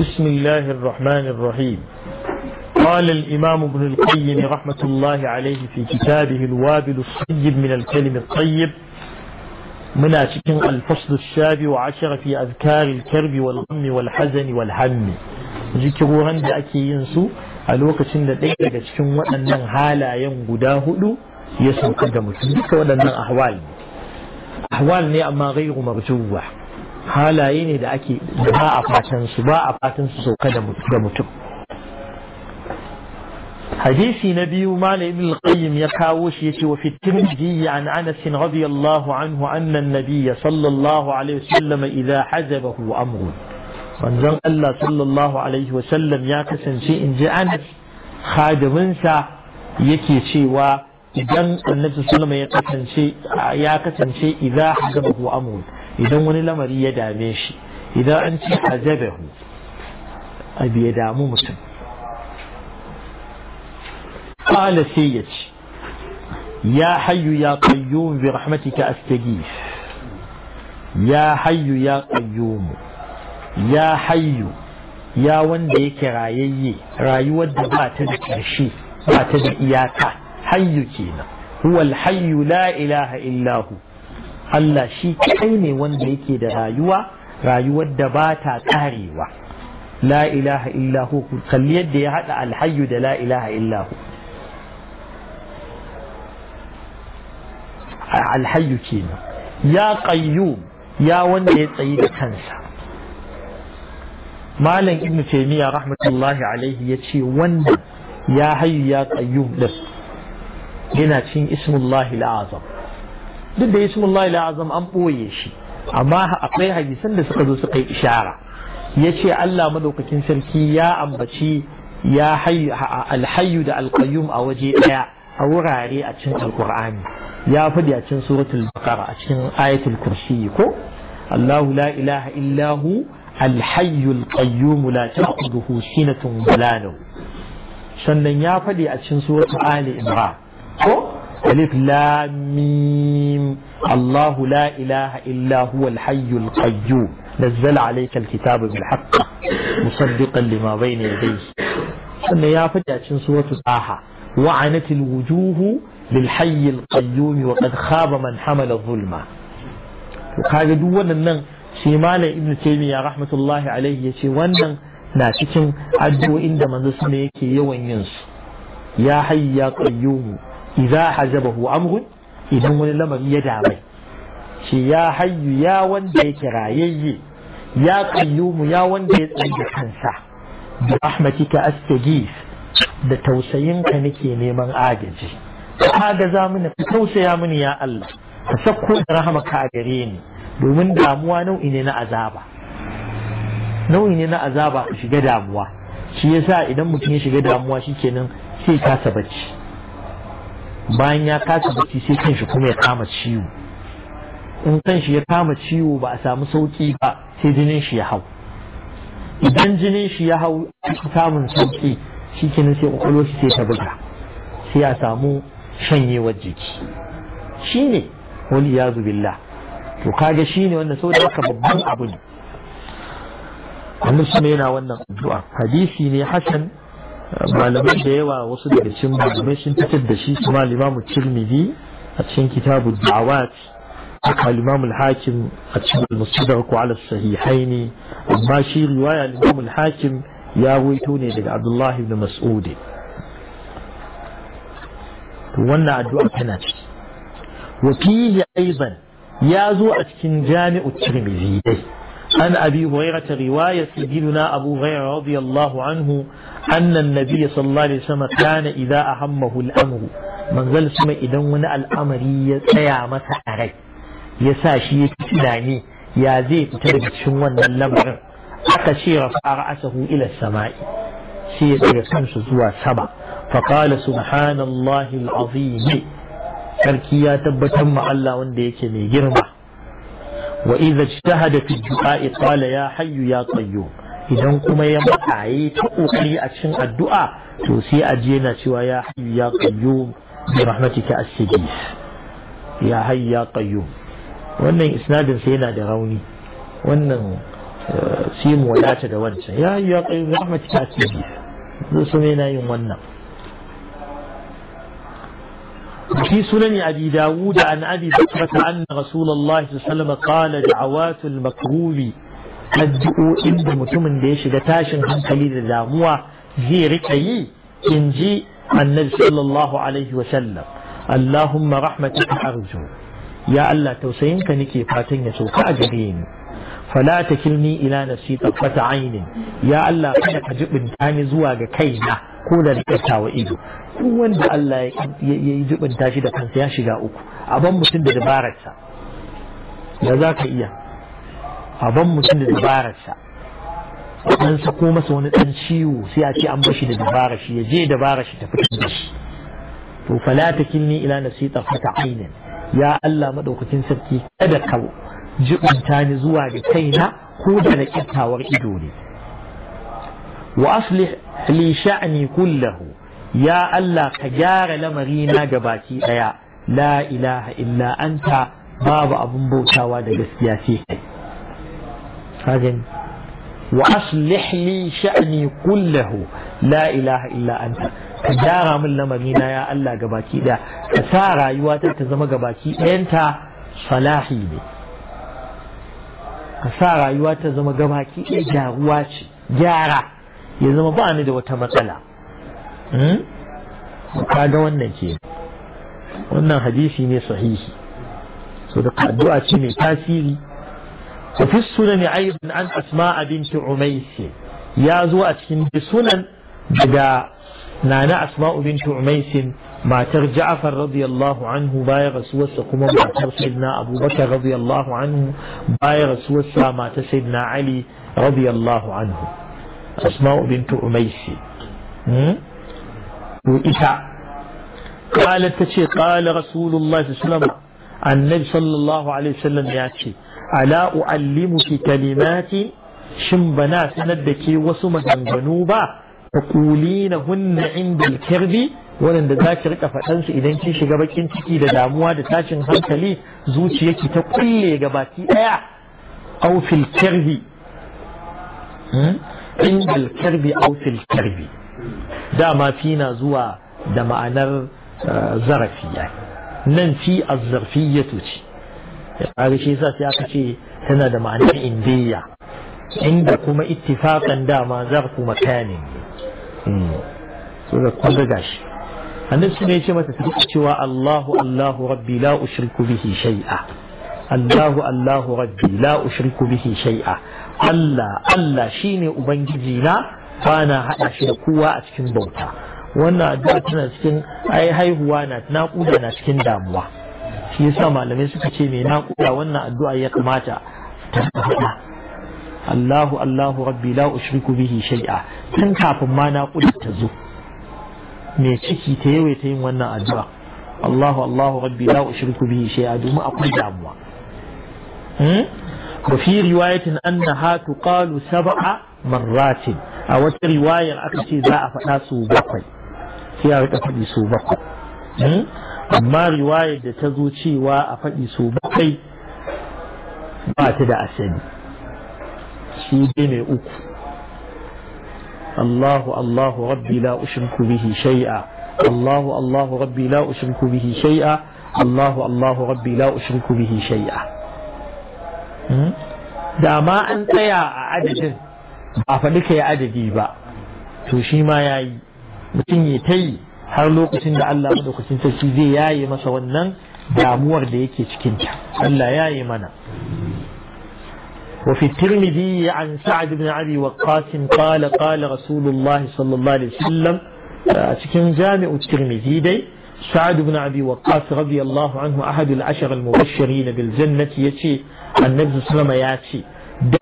بسم الله الرحمن الرحيم قال الإمام ابن القيم رحمة الله عليه في كتابه الوابل الصيب من الكلم الطيب من الفصل الشاب وعشر في أذكار الكرب والغم والحزن والهم ذكروا عند أكي ينسو الوقت إن ديك شن وأن حالا ينقداه له يسوق قدمه دك وأن أحوال أحوال نعم غير مرجوة halaye ne da ake ba a fatan su ba a fatan su sauka da mutum hadisi na biyu malam ibn al-qayyim ya kawo shi yace wa fi tirmidhi an anas radiyallahu anhu anna an-nabiy sallallahu alaihi wasallam idha hazabahu amrun manzon Allah sallallahu alaihi wasallam ya kasance in ji anas khadiminsa yake cewa idan annabi sallallahu ya kasance ya kasance idza hazabahu amrun idan wani lamari ya dame shi idan an ce ajabahu abi ya damu mutum qala قال ya hayyu ya qayyum bi rahmatika astajib ya hayyu ya qayyum ya hayyu ya wanda yake rayayye rayuwar da ba ta da ƙarshe ba ta da iyaka hayyu kenan huwal hayyu la ilaha illa hu Allah shi kai ne wanda yake da rayuwa rayuwar da ba ta karewa la ilaha illahu kalli yadda ya haɗa alhayyu da la ilaha illahu alhayyu kenan ya qayyum ya wanda ya tsayi da kansa malam ibnu taymiya rahmatullahi alaihi ya ce wanda ya hayyu ya qayyum din yana cin ismullahi a'zam duk da ismullahi la'azam an ɓoye shi amma akwai hadisan da suka zo suka yi ishara ya ce Allah madaukakin sarki ya ambaci ya alhayu da alkayyum a waje ɗaya a wurare a cikin alkur'ani ya faɗi a cikin suratul baqara a cikin ayatul kursi ko Allahu la ilaha illahu alhayyul qayyum la ta'khudhuhu sinatun wala sannan ya faɗi a cikin suratul ali imran ko ألف لام ميم الله لا إله إلا هو الحي القيوم نزل عليك الكتاب بالحق مصدقا لما بين يديه أن يا فتاة سورة الآحة وعنت الوجوه للحي القيوم وقد خاب من حمل الظلمة وكاga duk wannan sai malam ibnu taymiya rahmatullahi alaihi yace wannan na cikin addu'o'in da manzo sunne yake yawan yin su ya hayya qayyum idza hajabahu amrun idan wani lamari ya dame shi ya hayyu ya wanda yake rayayye ya qayyumu ya wanda ya tsaye kansa bi rahmatika astaghith da tausayinka nake neman agaji ka za mini ka tausaya mini ya Allah ka sako da rahmaka a gare ni domin damuwa nau'i ne na azaba nau'i ne na azaba shiga damuwa shi yasa idan mutum ya shiga damuwa shikenan sai kasa bacci bayan ya kasa bacci sai kanshi kuma ya kama ciwo in kanshi ya kama ciwo ba a samu sauki ba sai jinin shi ya hau idan jinin shi ya hau aka samun sauki shi kenan sai kwakwalwa shi sai ta buga sai a samu shanyewar jiki shi ne wani ya zubilla to kaga shi ne wanda sau da haka babban abu ne annabi yana wannan addu'a hadisi ne hasan malamai da yawa wasu daga cikin malamai sun fitar da shi kuma limamu tirmidhi a cikin kitabu da'awat haka limamu hakim a cikin musnadar ko ala sahihaini amma shi riwaya limamu hakim ya waito ne daga abdullahi ibn mas'udi to wannan addu'a tana ciki wa fihi aiban ya zo a cikin jami'u tirmidhi dai ابي هريره روايه سيدنا ابو هريره رضي الله عنه أن النبي صلى الله عليه وسلم كان إذا أهمه الأمر من ذل سمع إذا من الأمر يتسيع أغي أري يساشي تناني يا زي تترك شنوان اللمر أكشي رفع رأسه إلى السماء سيد رسمس زوا سبع فقال سبحان الله العظيم تركيا تبتم على ونديك Allah wanda وإذا اجتهد في الدعاء قال يا حي يا قيوم idan kuma ya mataye ta kokari a cikin addu'a to sai a je yana cewa ya hayyu ya qayyum bi rahmatika as-sajid ya hayyu ya qayyum wannan isnadin sai yana da rauni wannan eh, sai mu wadata da wancan ya hayyu ya qayyum bi rahmatika as-sajid zai so yana yin wannan في سنن أبي داود عن أبي بكرة أن رسول الله صلى الله عليه وسلم قال دعوات المكروب addu'o'in da mutumin da ya shiga tashin hankali da damuwa zai rika yi in ji annabi sallallahu alaihi wa sallam Allahumma rahmatika arju ya Allah tausayinka nake fatan ya sauka a gare ni fala takilni ila nafsi tafata ainin ya Allah kada ka jibinta ni zuwa ga kaina ko da rikatawa ido duk wanda Allah ya yi jibinta shi da kansa ya shiga uku a ban mutum da dabararsa Da za ka iya a ban mutum da dabararsa an sako masa wani ɗan ciwo sai a ce an bashi da dabarar shi ya je dabara shi ta fitar da shi to fala takilni ila nafsi ainin ya Allah madaukakin sarki kada ka jibinta ni zuwa ga kaina ko da na kittawar ido ne wa aslih li sha'ni kullahu ya Allah ka gyara na ga baki daya la ilaha illa anta babu abun bautawa da gaskiya sai kai hajin wa aslih li sha'ni kullahu la ilaha illa anta ka gyara min lamari na ya Allah gabaki daya ka sa rayuwa ta ta zama gabaki ɗayanta salahi ne ka sa rayuwa ta zama gabaki ɗaya gyaruwa ce gyara ya zama ba ni da wata matsala ga wannan ke wannan hadisi ne sahihi so da addu'a ce mai tasiri وفي السنن أيضا عن أسماء بنت عميس يا زو أتكين بسنن جدا نانا أسماء بنت عميس ما ترجع رضي الله عنه باي رسوسة سقوم ما سيدنا أبو بكر رضي الله عنه باي رسوسة ما سيدنا علي رضي الله عنه أسماء بنت عميس وإتا قالت تشي قال رسول الله صلى الله عليه وسلم النبي صلى الله عليه وسلم يأتي ala u'allimuki kalimati shin bana sanar da ke wasu maganganu ba taqulina hunna na al-kirbi wanda za ki rika faɗansu idan kin shiga bakin ciki da damuwa da tashin hankali zuciyarki ta kulle gabaki daya aw fil kirbi hmm? inda al-kirbi aw fil kirbi dama fina na zuwa da ma'anar eh, zarafiya nan fi az-zarfiyatu ce kaga shi yasa sai aka ce tana da ma'anar indiya inda kuma ittifaqan dama zarfu makanin hmm. so da kun ga shi annabi ne ya ce mata ta cewa Allahu Allahu rabbi la ushriku bihi shay'a Allahu Allahu rabbi la ushriku bihi shay'a Allah Allah shine ubangiji na bana hada shi da kowa a cikin bauta wannan addu'a tana cikin ai haihuwa na naƙuda na cikin damuwa shi yasa malamai suka ce mai naƙuda wannan addu'a ya kamata ta faɗa Allahu Allahu rabbi la ushriku bihi shay'a tun kafin ma naƙuda ta zo mai ciki ta yawaita yin wannan addu'a Allahu Allahu rabbi la ushriku bihi shay'a domin akwai damuwa hmm? riwayatin Marratin, a وفي riwayar aka ce za a faɗa su bakwai, sai a riƙa في su bakwai. Hmm? amma riwayar da ta zo cewa a faɗi so bakwai ba ta da asali shi dai mai uku Allahu Allahu rabbi la ushriku bihi shay'a Allahu Allahu rabbi la ushriku bihi shay'a Allahu Allahu rabbi la ushriku bihi shay'a hmm? da ma an tsaya a adadin ba faɗi kai adadi ba to shi ma yayi mutum ya tayi har lokacin da Allah madaukakin sarki zai yaye masa wannan damuwar da yake cikinta Allah yaye mana وفي الترمذي عن سعد بن أبي وقاص قال قال رسول الله صلى الله عليه وسلم أتكن جامع الترمذي دي سعد بن أبي وقاص رضي الله عنه أحد العشر المبشرين بالجنة يتي النبي صلى الله عليه وسلم يأتي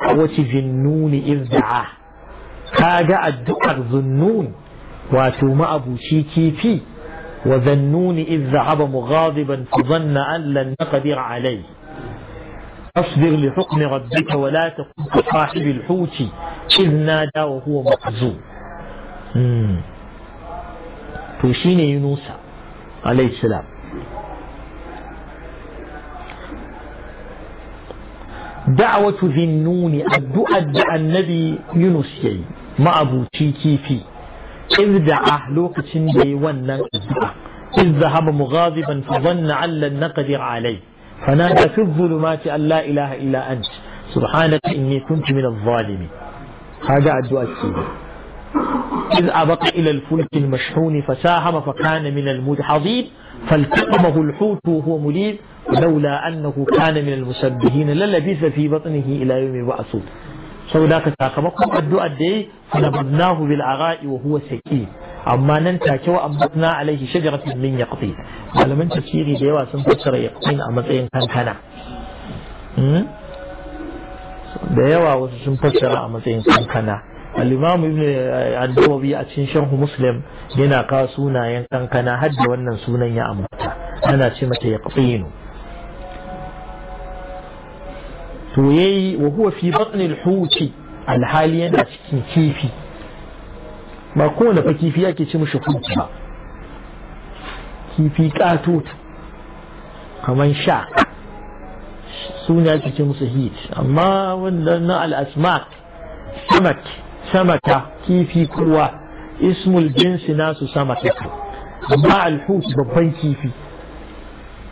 دعوة ذنون إذ دعاه كاجا الدعاء ذنون واتو ما ابو شي كيفي وذنوني اذ ذهب مغاضبا فظن ان لن نقدر عليه اصبر لحكم ربك ولا تكن كصاحب الحوت اذ نادى وهو مقزوم توشيني يونس عليه السلام دعوة ذي النون أدؤد النبي يونس ما أبو تيكي في. إذ lokacin da yi إذ ذهب مغاضبا فظن أن لن نقدر عليه فنادى في الظلمات أن لا إله إلا أنت سبحانك إني كنت من الظالمين هذا الدعاء إذ أبق إلى الفلك المشحون فساهم فكان من المدحضين فالتقمه الحوت وهو مليم ولولا أنه كان من المسبحين للبث في بطنه إلى يوم يبعثون saboda ka sakamakon addu'ar da yi bannahu bil ara'i wa huwa saki amma nan take wa ambatna alaihi shajaratin min yaqti malaman tafsiri da yawa sun fassara yaqtin a matsayin kankana hmm? da yawa wasu sun fassara a matsayin kankana al-imam ibn al nawawi a cikin sharhu muslim yana kawo sunayen kankana har wannan sunan ya ambata ana ce mata yaqtinu سويي وهو في بطن الحوت الحالي أنا في كيفي ما كون في كيفي أكيد شو مش حوت ما كيفي كاتوت كمان شا سوني أكيد شو مش هيت أما ولنا الأسماك سمك سمكة كيفي كوا اسم الجنس ناس سمكة مع الحوت ببين كيفي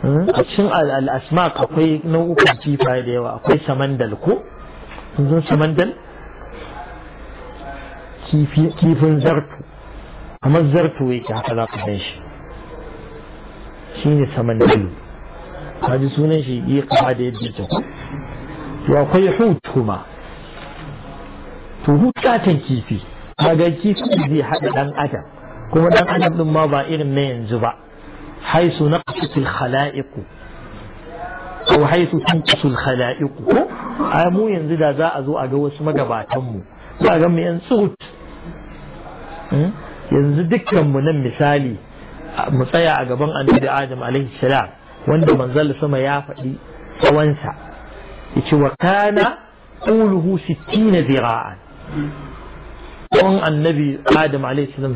Hmm? a cikin al'asma akwai nau'ukan kifaye da yawa akwai samandal ko sun samandal kifin zartu kamar zartu ke haka za ka san shi shi ne samandalu ji sunan shi yi kama da yadda ya ku to akwai hut kuma to hut katon kifi kaga kifi zai haɗa ɗan adam kuma ɗan adam ɗin ma ba irin na yanzu ba حيث نقصت الخلائق أو حيث تنقص الخلائق مو ينزل ذا أزو أجوس مقباتهم لا a أن صوت hmm? yanzu dukkanmu nan misali mu tsaya a gaban annabi adam alaihi wanda manzal sama ya faɗi tsawonsa yace wa kana quluhu 60 zira'an tsawon annabi adam alaihi salam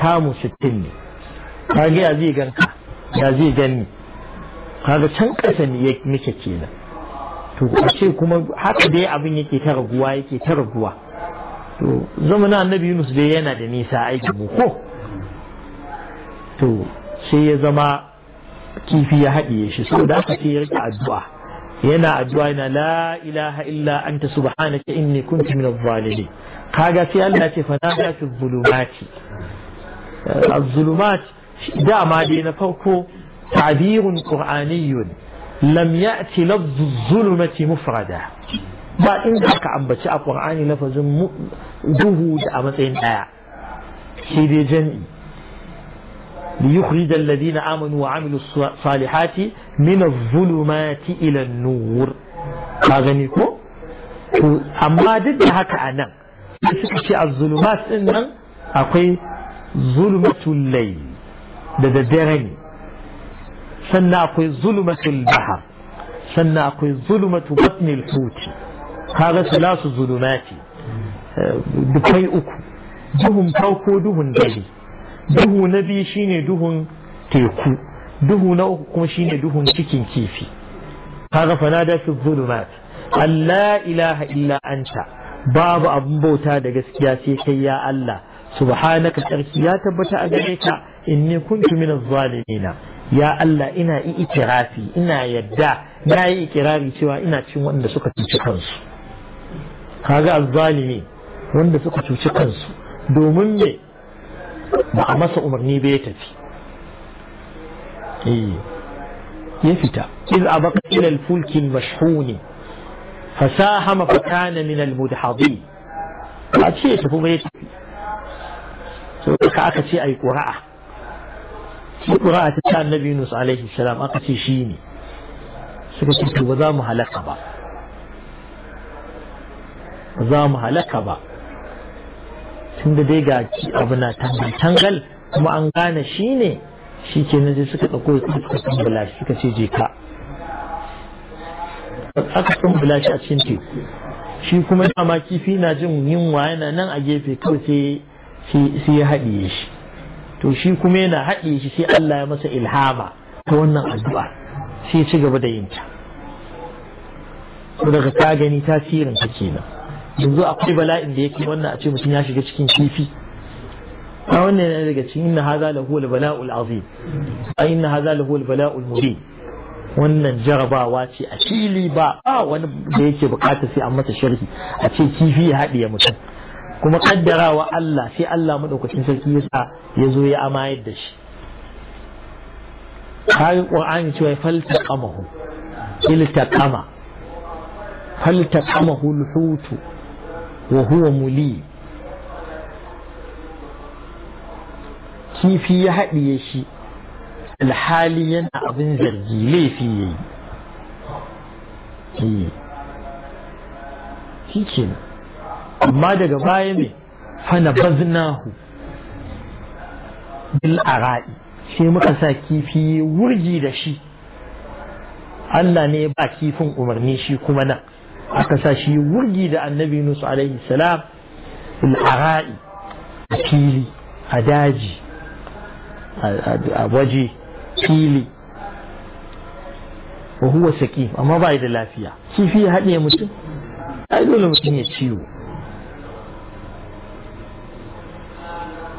kamu 60 ne kage ya zai ganka ya zai gani kaga can ƙasa ne muke kenan to a ce kuma haka dai abin yake ta raguwa yake ta raguwa to zamanin annabi yunus dai yana da nisa aiki mu ko to sai ya zama kifi ya haɗiye shi saboda haka sai ya rika addu'a yana addu'a yana la ilaha illa anta subhanaka inni kuntu min adh-dhalimin kaga sai Allah ce fa na fi zulumati az zulumati دعما دين فوقه تعبير قرآني لم يأتي لفظ الظلمة مفردا با إن ذاك عم بتشاء قرآني لفظ جهود أما سين آع سيدي جنئي ليخرج الذين آمنوا وعملوا الصالحات من الظلمات إلى النور هذا نيكو أما ضد هكا أنا الظلمات إنن أقي ظلمة الليل da daddare ne sannan akwai zulmatul bahar sannan akwai zulmatu batnil huti kaga salasu zulumati eh, Dukai uku duhun farko duhun dare duhu na biyu shine duhun teku duhu na uku kuma shine duhun cikin kifi kaga fanada su zulumat Allah ilaha illa anta babu abun bauta da gaskiya sai kai ya Allah subhanaka tsarki ya tabbata a gare ka إني كنت من الظالمين يا الله إنا إكرافي إنا يدع ما إكرافي سوى إنا تشم وأن سكة تشقنص هذا الظالمين وأن سكة تشقنص دوم مني ما أمس أمرني بيتتي إيه يفتى إذ أبقى إلى الفلك المشحون فساهم فكان من المدحضين أتشي شوفوا بيتتي سوى كأكتي أي قراءة ƙura'a ta ta annabi Yunus alaihi salam aka ce shi ne suka ce to ba za mu halaka ba ba za mu halaka ba tun da dai ga abu na tangal tangal kuma an gane shi ne shi ke nan suka ɗauko ya suka tambula shi suka ce je ka aka tambula shi a cikin teku shi kuma dama kifi na jin yunwa yana nan a gefe kawai sai ya haɗiye shi to shi kuma yana haɗe shi sai Allah ya masa ilhama ta wannan addu'a sai ci gaba da yinta to daga ta gani tasirin ta kenan yanzu akwai bala'in da yake wannan a ce mutum ya shiga cikin kifi a wannan yana daga cikin inna haza lahu al-bala'ul azim a inna haza lahu al-bala'ul mubin wannan jarabawa ce a fili ba ba wani da yake bukata sai an masa sharhi a ce kifi ya haɗiye mutum kuma kaddarawa Allah sai Allah madaukakin sarki yasa ya zo ya amayar da shi kayan qur'ani cewa falta qamahu iltaqama falta qamahu alhutu wa huwa muli kifi ya haɗiye shi alhali yana abin zargi laifi yayi shi kenan amma daga baya mai fana baznahu bil ara'i sai muka sa kifi wurgi da shi Allah ne ba kifin umarni shi kuma nan aka sa shi wurgi da annabi Nusu alaihi salam bil ara'i a fili a daji a waje fili wa huwa saki amma ba da lafiya kifi ya haɗe mutum ai dole mutum ya ciwo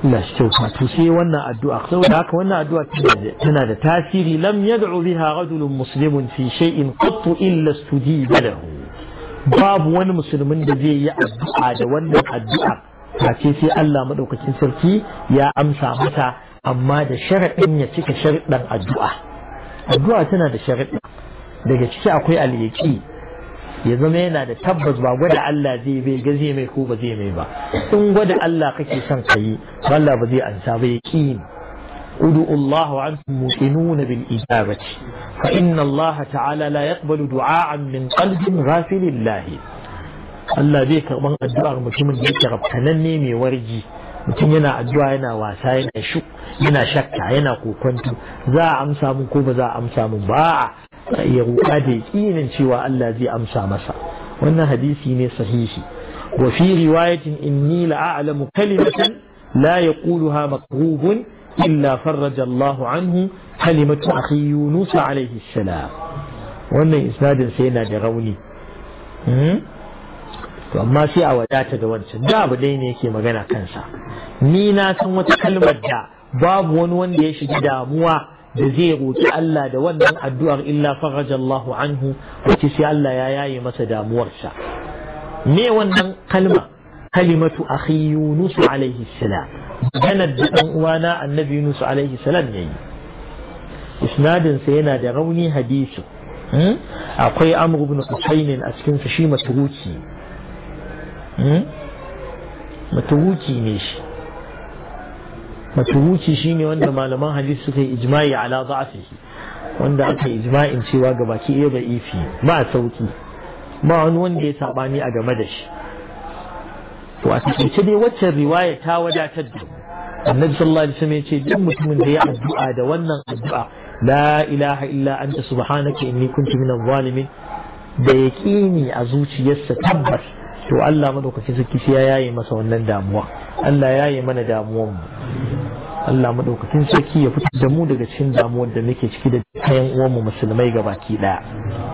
Allah shi kyauta to sai wannan addu'a saboda haka wannan addu'a tana da tasiri lam yad'u biha rajulun muslimun fi shay'in qattu illa stujiba lahu babu wani musulmin da zai yi addu'a da wannan addu'a face sai Allah madaukakin sarki ya amsa mata amma da sharaɗin ya cika sharaɗin addu'a addu'a tana da sharaɗi daga ciki akwai al ya zama yana da tabbas ba gwada Allah zai bai ga zai mai ko ba zai mai ba in gwada Allah kake son ka yi Allah ba zai ansa ba yaqin ادعوا الله bil موقنون fa inna allah ta'ala la يقبل du'a'an min قلب غافل الله Allah zai karban addu'ar mutumin da yake rabtananne mai wargi mutum yana addu'a yana wasa yana shu yana shakka yana kokonto za a amsa mun ko ba za a amsa mun ba ya wuka da yaƙinin cewa Allah zai amsa masa wannan hadisi ne sahihi wa fi riwayatin inni alamu kalimatan la yaquluha maqrubun illa farraja Allahu anhu kalimatu akhi Yunus alayhi salam wannan isnadin sai yana da rauni hmm? to amma sai a wadata da wancan da abu dai ne yake magana kansa ni na san wata kalmar da babu wani wanda ya shiga damuwa da zai roƙi Allah da wannan addu'ar illa faraja Allahu anhu wace sai Allah ya yaye masa damuwarsa me wannan kalma kalimatu akhi Yunus alaihi salam maganar da dan uwana annabi Yunus alaihi salam yayi isnadin sa yana da rauni hadisi hmm? akwai Amr ibn Husayn a cikin sa shi maturuki hmm? maturuki ne shi maturuki shine wanda malaman hadisi suka yi ijma'i ala da'afihi wanda aka yi ijma'in cewa ga baki iya da ifi ba sauki ba wani wanda ya sabani a game da shi to a cikin dai waccan riwaya ta wadatar da annabi sallallahu alaihi wasallam yace duk mutumin da ya addu'a da wannan addu'a la ilaha illa anta subhanaka inni kuntu minaz zalimin da yaqini a zuciyarsa tabbas to Allah madaukakin sarki sai ya yaye masa wannan damuwa Allah ya yaye mana damuwan mu Allah maɗaukacin sarki ya fito da mu daga cikin damuwar da muke ciki da kayan uwanmu musulmai gabaki daya